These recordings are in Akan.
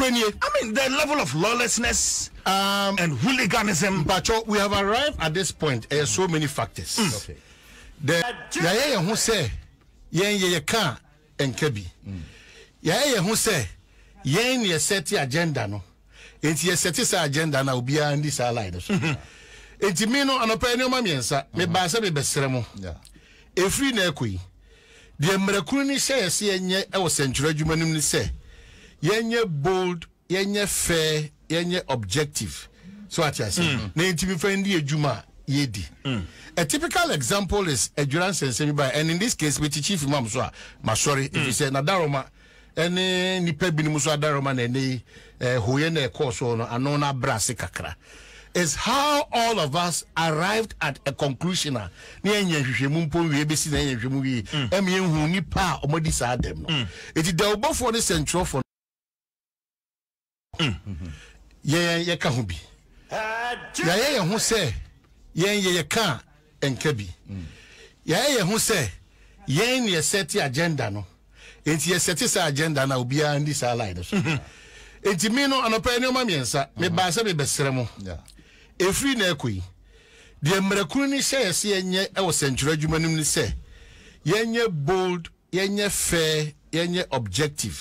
I mean, the level of lawlessness um, and hooliganism. But we have arrived at this point. There are so many factors. Mm. Okay. The yɛyɛ yɛn ho sɛ yɛn yɛyɛ kaa nka bi yɛyɛ yɛn ho sɛ yɛn na yɛsɛte agenda no nti yɛsɛte saa agenda no a obiara ndi saa line no mm-hmm. nti mi no anɔpɛ nneɛma mmiɛnsa mebaa mm-hmm. sɛ mebɛsrɛ mo efiri na ɛkɔ yi deɛ mmerɛkuru ni hyɛ yɛsɛ yɛnyɛ ɛwɔ sɛntwerɛ adwuma no mu ni sɛ. Yenye bold yenye fair yenye objective so ati ase mm. na yɛn ti mi fɛn di edwuma mm. a typical example is adwira nsɛnsɛn bi ba and in this case mi ti chief imam so a ma sɔre efi mm. sɛ na daroma ɛne eh, nipa binom so adaroma na ɛne eh, yi ɛɛ na ɛkɔɔ so ano na abra kakra is how all of us arrived at a conclusion a ne yɛnyɛ nhwehwɛmu mpo wie bɛsi na yɛnyɛ nhwehwɛmu wie ɛmi yɛn hu nipa a wɔde saa dɛm no eti dɛwbɔfoɔ ne sɛntwerɛfoɔ. yɛn mm. yɛka ho bi yɛayɛ yɛn ho sɛ yɛn yɛ yɛka nka bi yɛayɛ mm. yɛn ho sɛ yɛn na yɛsɛte agenda no nti yɛsɛte saa agenda no a mm-hmm. obiara ndi saa line no so nti mi no anɔpɛ nneɛma mmiɛnsa mebaa mm-hmm. sɛ mebɛsrɛ mo efiri na ɛkɔ yi deɛ mmerakuru ni hyɛ yɛsɛ yɛnyɛ ɛwɔ e sɛntwerɛ adwuma no ni sɛ yɛnyɛ bold yɛnyɛ fair yɛnyɛ objective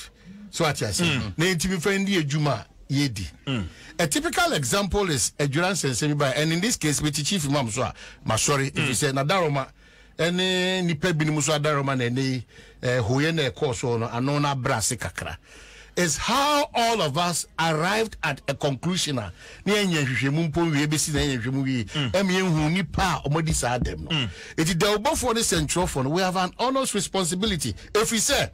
so ati ase mm. na nti mi fɛn di edwuma mm. yɛ di a typical example is adwira nsɛnsɛm ba and in this case mi ti chief Imam so a ma sɔre efisɛ mm. na daroma ɛne nipa binom so adaroma na ɛne ɛɛ eh, hoyɛ na ɛkɔɔ so no ano na abra kakra is how all of us arrived at a conclusion a ne yɛnya nhwehwɛmu mpo wie bɛsi na yɛnya nhwehwɛmu wie ɛma yɛhu nipa a ɔmɔdi saa dɛm no eti dawubɔfoɔ ne sɛntwerɛfoɔ no we have an honest responsibility efisɛ.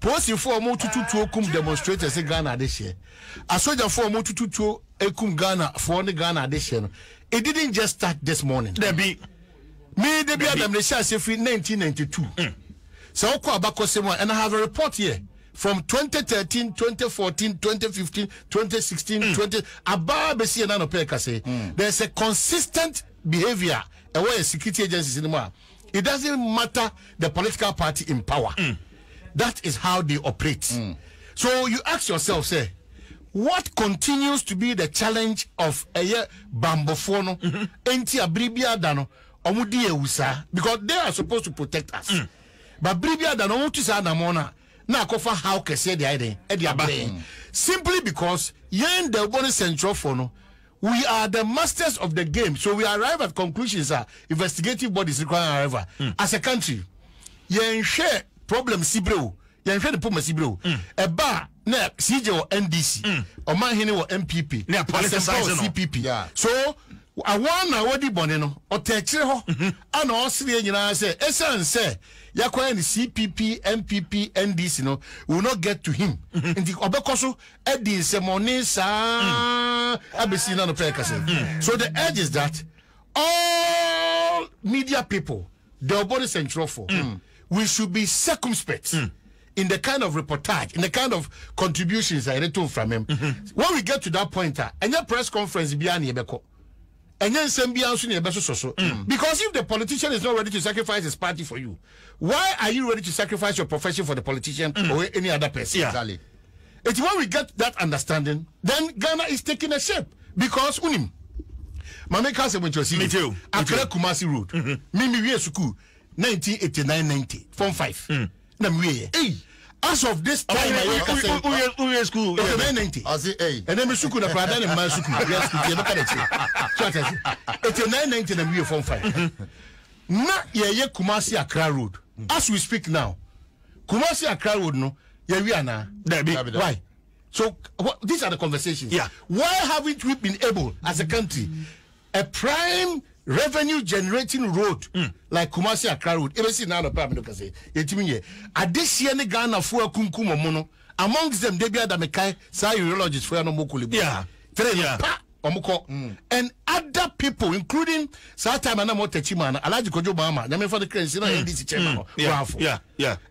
polisifoɔ a wɔtututuo kum demonstrators ghana adehyeɛ asogyafoɔ a four kum ghanafoɔ ne ghana adehyeɛ no it didn't just start this morning. dabi mi de a adam de hyɛ ase firi 1992 mm. sɛ wokɔ abakɔsɛm a and i have a report here from 2013 2014 2015 2016 mm. abaa yɛ kase mm. there is a consistent behaviour ɛwɔ yɛ security agencies no mu a it doesn't matter the political party in power. Mm. That is how they operate. Mm. So you ask yourself, say, what continues to be the challenge of a bambɔfoɔ anti mm-hmm. nti abiri bi ada no because they are supposed to protect us mm. but abiri bi ada no wɔn tu na na how kɛseɛ de ayɛ de ɛde aba mm. simply because yɛn the ɛbɔ Central sɛntwerɛfoɔ we are the masters of the game so we arrive at conclusions ah investigative bodies require arrival mm. as a country Yen share problem sibire o yɛnhwɛ ne poma sibire o mm. ɛba na cj wɔ ndc mm. ɔmanhene wɔ npp asɛmpa wɔ cpp so awọn na wɔdi bɔnne no ɔtɛ akyire hɔ mhm. ana ɔsere nyinaa sɛ ɛsiane sɛ yɛkɔyɛ ne cpp npp ndc no will not get to him mhm. nti ɔbɛkɔ so ɛdi nsɛmɔne saa mm. abɛsi na no pɛɛ so the edge is that all media people the ɔbɔ ne sɛntwerɛfoɔ. we should be circumspect mm. in the kind of reportage, in the kind of contributions I return from him. Mm-hmm. When we get to that point, ah, and your press conference beyond Yebeko. And then mm. because if the politician is not ready to sacrifice his party for you, why are you ready to sacrifice your profession for the politician mm. or any other person? Yeah. Exactly. It's when we get that understanding, then Ghana is taking a shape because unim. Mame kase me too. Akra Kumasi Road. Mm-hmm. Mimi we school. 1989-90 form 5 hmm. na mwie hey as of this time wuyɛ school okay nine ninety ɔsi eyi ɛnɛ mi sukuu na kura adan ni mmaa sukuu wuyɛ sukuu tiɛ bɛka n'akyi so ati ase ete nine ninety na wuyɛ form five mm-hmm. na yɛyɛ kumasi akra road mm-hmm. as we speak now kumasi akra road no yɛwi ana dabi why so what, these are the conversations yeah. why haven't we been able as a country mm-hmm. a prime revenue generating road mm. like kumasi accra road ebesi na anɔpɛ amino kase yɛtumi yɛ adehyɛ ne ghanafoɔ akunkum ɔmo no amongst them debi adamikae saa urologist foɔ no mo kolibu yeah. three yeah. pa ɔmo kɔ mm. and other people including saa time anam ɔtɛkyi maa na alhaji kojo mahama nyamefo de kɛnsi na ndc hmm. chairman no hmm. wɔafo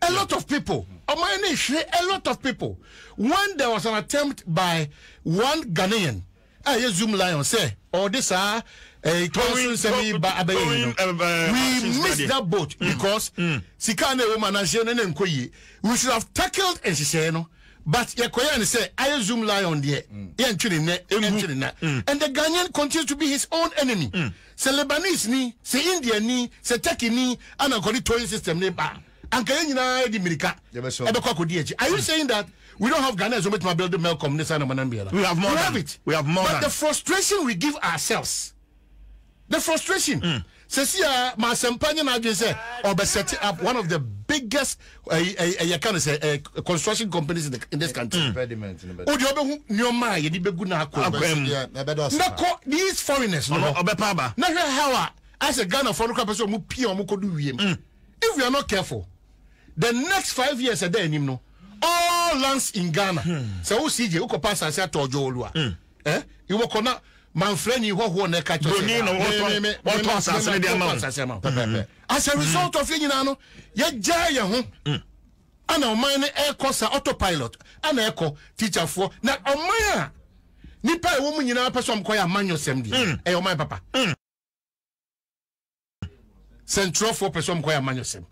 a lot of people ɔmo ayɛ ne hwɛ a lot of people when there was an attempt by one ghanaian a ah, ɛyɛ zoom lion sɛ ɔde saa tɔnso nsɛm yi ba abɛyɛ yi no we miss that boat mm. because mm. sika na ɛwɔ mu ananseɛ no ne nkɔ yie we should have tackled nhyehyɛeɛ no but yɛkɔyɛ no sɛ ayɛ zoom lion deɛ yɛntwene nnɛ ɛntwene na and the ghanaian continues to be his own enemy mm. lebanese ni sɛ india ni sɛ turkey ni ana nkɔde towing system ne ba anka yɛn nyinaa di mirika ɛbɛkɔ akɔdi akyi are you mm. saying that We don't have Ghanaians who make my building Melcom, Nissan, and Manambiela. We have more. We than, have it. We have more. But than. the frustration we give ourselves, the frustration. Mm. Sesia, my companion, I just said, or oh, setting up one of the biggest, uh, uh, uh, say, uh, construction companies in, the, in this country. Impediment. Mm. These foreigners, no, no, how as a Ghana foreign person, pee mm. if we are not careful, the next five years, are there anymore. all lands in ghana sɛ wo sii gye wokɔpa asase atɔ ɔdwo wolu a hmm. ɛ iwɔkɔ na manfrani hɔhoɔ na ɛka kyerɛ hmm, hmm, as a result of yɛ nyinaa no yɛgyaa yɛ ho ana ɔman no ɛkɔ sa autopilot ana ɛkɔ teacherfoɔ na ɔman a nipa ɛwɔ mu nyinaa pɛ sɛ ɔmkɔ yɛ amanyɔsɛm deɛ ɛyɛ ɔman papa sɛntrɔfoɔ pɛ sɛ ɔmkɔ yɛ amanyɔsɛm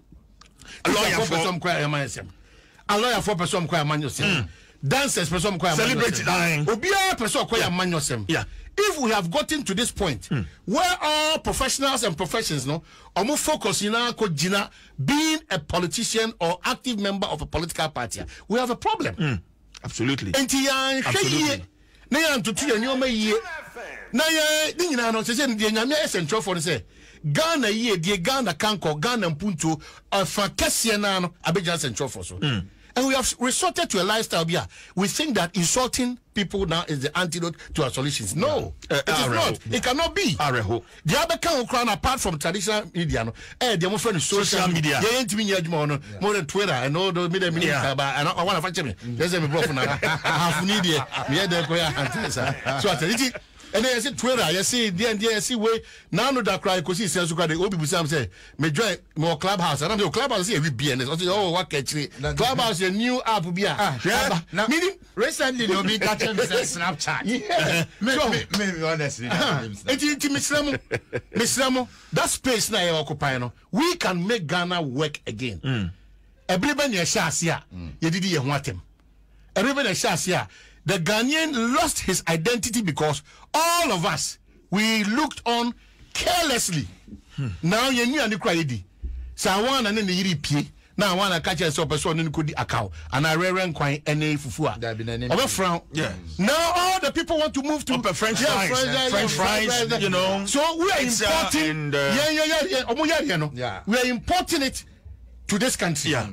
lɔyafoɔ pɛ sɛ ɔmkɔ yɛ amanyɔsɛm alɔyafoɔ pɛ sɛ ɔmkɔ yɛ amanyɔ sɛm mm. dancers pɛ sɛ ɔmkɔ yɛ celebrate dying obiara pɛ sɛ ɔkɔ yɛ amanyɔ sɛm if we have gotten to this point mm. where all professionals and professions no ɔmo focus nyinaa kɔ gyina being a politician or active member of a political party we have a problem mm. absolutely nti yɛanhwɛ yie na yɛantoto yɛ nneɔma yie na yɛ ne nyinaa no sɛsɛ deɛ nyame ɛsɛ nkyerɛfoɔ no sɛ ghana yie deɛ ghana kankɔ ghana mpuntuo afa kɛseɛ naa no abɛgyina sɛ nkyerɛfoɔ so mm. And we have resorted to a lifestyle here. We think that insulting people now is the antidote to our solutions. No, yeah. uh, it is ah, not. Yeah. It cannot be. Areho. Ah, the other kind of crown, apart from traditional media, no, eh, the more friend social, social media. They ain't me anymore, more than Twitter and all those media media. But ah, I want to factor me. There's a problem. I have media. Me, So I tell you. ɛnna yɛsi twera yɛsi deɛndeɛ yɛsi we nanu dakora ekosi isɛn so kora de obi busa mi sɛ mɛ join mɛ club house anam sɛ club house yɛ wi bn ɔsi ɔwɔ oh, wa kɛkyiri club house yɛ new app bi a hwɛ mini. recently na obi kakyɛ mi sɛ snapchat mi mi mi honestly uh-huh. eti eti misira mu misira mu that space na yɛ occupy no we can make ghana work again ɛbili mm. bɛ na yɛ hyɛ ase mm. a yɛdidi yɛ ho atɛm ɛbili bɛ na yɛ ase a. the Ghanaian lost his identity because all of us we looked on carelessly. Hmm. Now you knew oh, and cry di. So I want and then the Now I want to catch yourself a son and could account and I rare and quite any fufua. Over frown. Yeah. Now all the people want to move to Upper French fries, French, yeah, French fries, fries, you know. So we are importing. And, uh, yeah, yeah, yeah, yeah. yeah. We are importing it to this country. Yeah.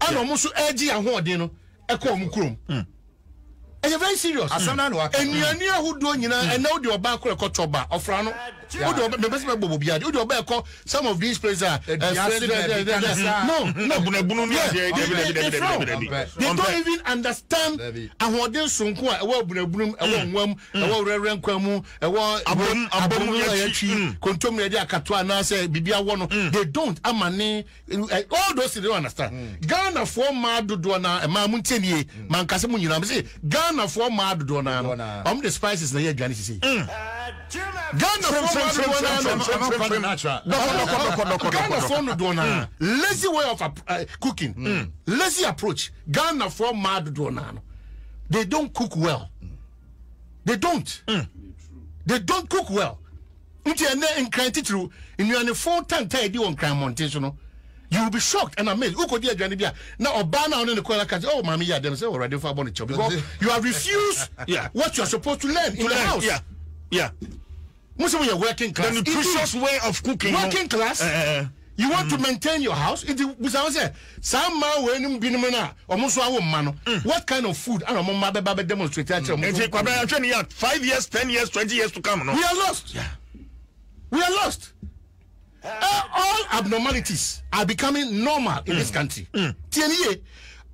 And almost edgy and what you know. Echo Mukrum. ɛyɛ very serious ɛnuani ahodoɔ nyinaa hmm. ɛnna wode ɔbaa korɔ ɛkɔtɔ ba ɔfra no o de bɛ se bɛ bobo biya de o kɔ some of these players are eh, eh, eh, no no bunabunu ni adiɛ de de de de they don't even understand ahoɔden sonko a ɛwɔ bunabunu mu ɛwɔ nwam ɛwɔ wɛrɛ nkwan mu ɛwɔ abomu abomu yɛ twi kontom yɛ de akato anaasɛ bibi awɔ no they don't ama ne all those they don't understand mm. ghana fo maa dodoɔ na ɛmaa mu ntiɛ nie mankasa mu nyinaa bɛ ghana fo maa dodoɔ na ɔmo de spices na yɛ aduane sisi ghana fo. lazy way of uh, cooking mm. lazy approach ghanafoɔ mmaa dodoɔ they don't cook well they don't mm. they don't cook well you will be shocked and amazed Now oh maame yɛ adɛm say already for bɔ because you have refused yeah. what you are supposed to learn to the house yeah. Yeah. musu yɛ working class the nutritious way of cooking working class. Eh, eh, eh. you want to mm. maintain your house nti busawo sɛ saa mmaa wo anim binom no a ɔmo nso awo mma no what kind of food ana ɔmo mma bɛba bɛ demonstrate akyerɛ ɔmo. nti kwabra yɛn atwere ya five years ten years twenty years to come no. we are lost yeah. we are lost. Uh, all abnormalities are becoming normal in mm. this country. Mm. tiɛniye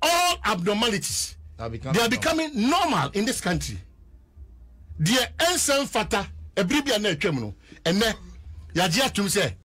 all abnormalities they are becoming normal in this country. deɛ ɛnsɛn fata ebiri bi a na etwam no ɛnɛ yagye atum sɛ